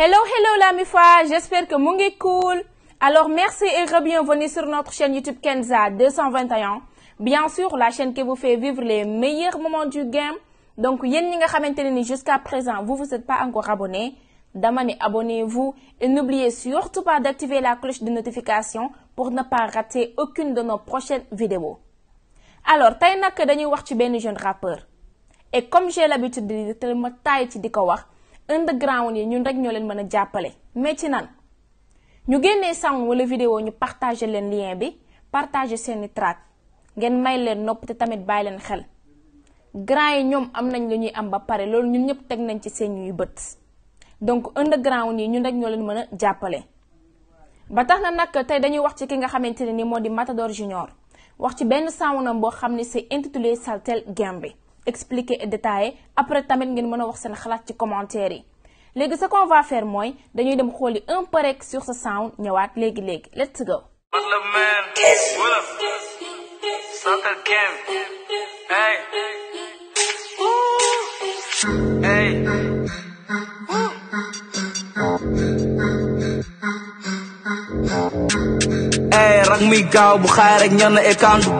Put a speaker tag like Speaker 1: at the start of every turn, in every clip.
Speaker 1: Hello, hello la Mifa, j'espère que vous est cool. Alors merci et bienvenue sur notre chaîne YouTube Kenza 221. Bien sûr, la chaîne qui vous fait vivre les meilleurs moments du game. Donc, jusqu'à présent, vous vous êtes pas encore abonné. Damane, abonnez-vous et n'oubliez surtout pas d'activer la cloche de notification pour ne pas rater aucune de nos prochaines vidéos. Alors, tay nak dañuy wax ci ben jeune rappeur. Et comme j'ai l'habitude de dire, je underground yi ñun rek ñoo leen mën a jàppale mais ci nan ñu génnee sang wala vidéo ñu partagé leen lien bi partagé seeni track ngeen may leen nopp te tamit bàyyi leen xel grand yi ñoom am nañ lu ñuy am ba pare loolu ñu ñëpp teg nañ ci seen ñuy bët donc underground yi ñun rek ñoo leen mën a jàppale. ba tax na nag tey dañuy wax ci ki nga xamante ne ni moo di Matador Junior wax ci benn sound na boo xam ne c'est intitulé Saltel Game bi expliquer et détailler après tamit ngeen mën a wax seen xalaat ci commentaire yi léegi ce qu'on va faire c'est de dem xooli un peu rek sur ce sound ñëwaat léegi léegi let's go.
Speaker 2: Hey, rang mi
Speaker 1: gaaw bu xaar ak ñan e kandu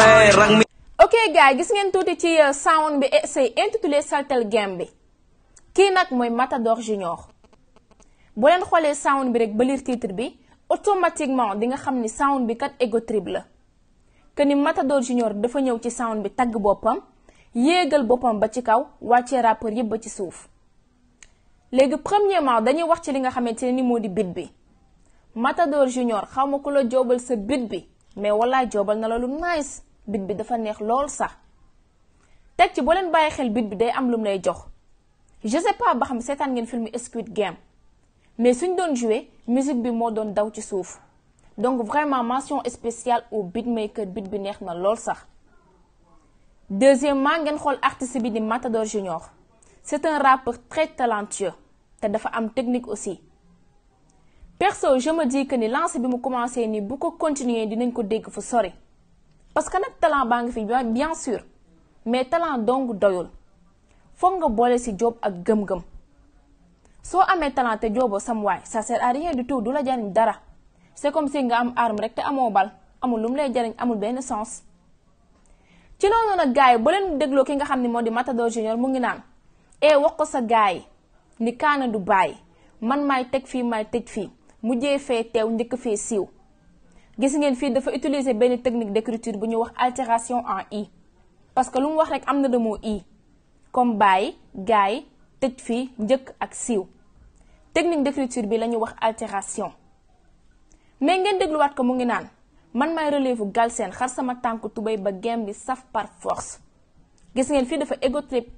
Speaker 1: Hey, rang mi ok gars gis ngeen tuuti ci euh, sound bi eh, essai intitulé saltel game bi kii nag mooy Matador Junior boo leen xoolee sound bi rek ba lire bi automatiquement di nga xam ni sound bi kat ego trip la que ni Matador Junior dafa ñëw ci sound bi tagg boppam yéegal boppam ba ci kaw wàccee rappeur yëpp ba ci suuf léegi premièrement dañuy wax ci li nga xamante ne ni moo di bit bi Matador Junior xaw ma ku la joobal sa bit bi mais walaay joobal na la lu nice bit bi dafa neex lool sax teg ci boo leen bàyyi xel bit bi day am lum lay jox je sais pas ba xam seetaan ngeen film Squid Game mais suñ doon jouer musique bi moo doon daw ci suuf donc vraiment mention spéciale au beatmaker bit bi neex na lool sax deuxièmement ngeen xool artiste bi di Matador Junior c'est un rappeur très talentueux te dafa am technique aussi perso je me dis que ni lancé bi mu commencé ni bu ko continuer dinañ ko dégg fu sori parce que nag talent baa ngi fi bien sûr mais talent dong doyol, foog nga si job ak gëm-gëm soo amee talent te jobo sam waay ça sert à rien du tout du la jariñ dara Se kom comme si nga am arme rek te amoo bal amul lu mu lay amul benn sens ci non nag gars yi ba leen ki nga di matador junior mu ngi e wax ko sa ni kana du bàyyi man maay teg fii maay tëj fii mujjee fee teew njëkk fee gis ngeen fi dafa utiliser ben technique d'écriture bu wax altération en i parce que lu mu wax rek amna de mot i comme bay gay tej fi njëkk ak siw technique d'écriture bi lañu wax altération mais ngeen wat ko mu ngi naan man may relève gal sen, xar sama tanku tubay ba gem bi saf par force gis ngeen fi dafa ego trip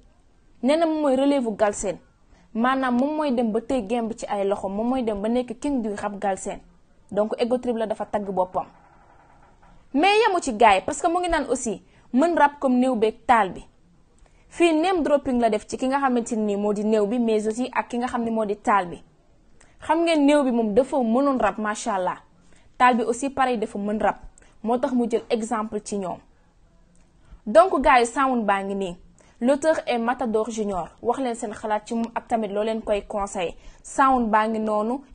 Speaker 1: nee na moy relève gal sen, mana moom mooy dem ba tey gem bi ci ay loxo moom moy dem ba nek king du gal sen. donc ego trip la dafa tagg boppam mais yemu ci gaay parce que mu ngi naan aussi mën rab comme néew beeg taal bi fii name dropping la def ci ki nga xamante ni moo di néew bi mais aussi ak ki nga xam ne moo di taal bi xam ngeen néew bi moom dafa mënoon rab macha allah taal bi aussi pareil dafa mën rab moo tax mu jël exemple ci ñoom donc gars yi sound baa ngi nii l'auteur est Matador Junior wax vous conseille de ci moom koy sound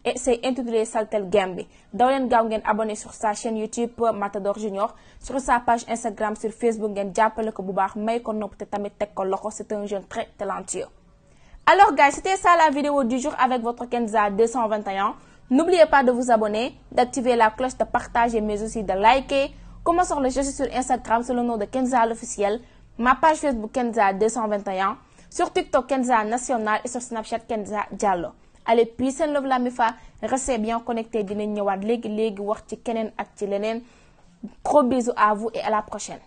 Speaker 1: et c'est intitulé Saltel Gambi. daw abonné sur sa chaîne YouTube Matador Junior sur sa page Instagram sur Facebook vous pouvez ko bu baax may c'est un jeune très talentueux. alors guys c'était ça la vidéo du jour avec votre Kenza 221 n'oubliez pas de vous abonner d'activer la cloche de partager mais aussi de liker comment sur le choses sur Instagram selon le nom de Kenza l'officiel ma page Facebook Kenza 221 sur TikTok Kenza National et sur Snapchat Kenza Diallo allez puis seen la mifa, restez bien connectés dinañ ñëwaat léegi léegi wax ci keneen ak gros bisous à vous et à la prochaine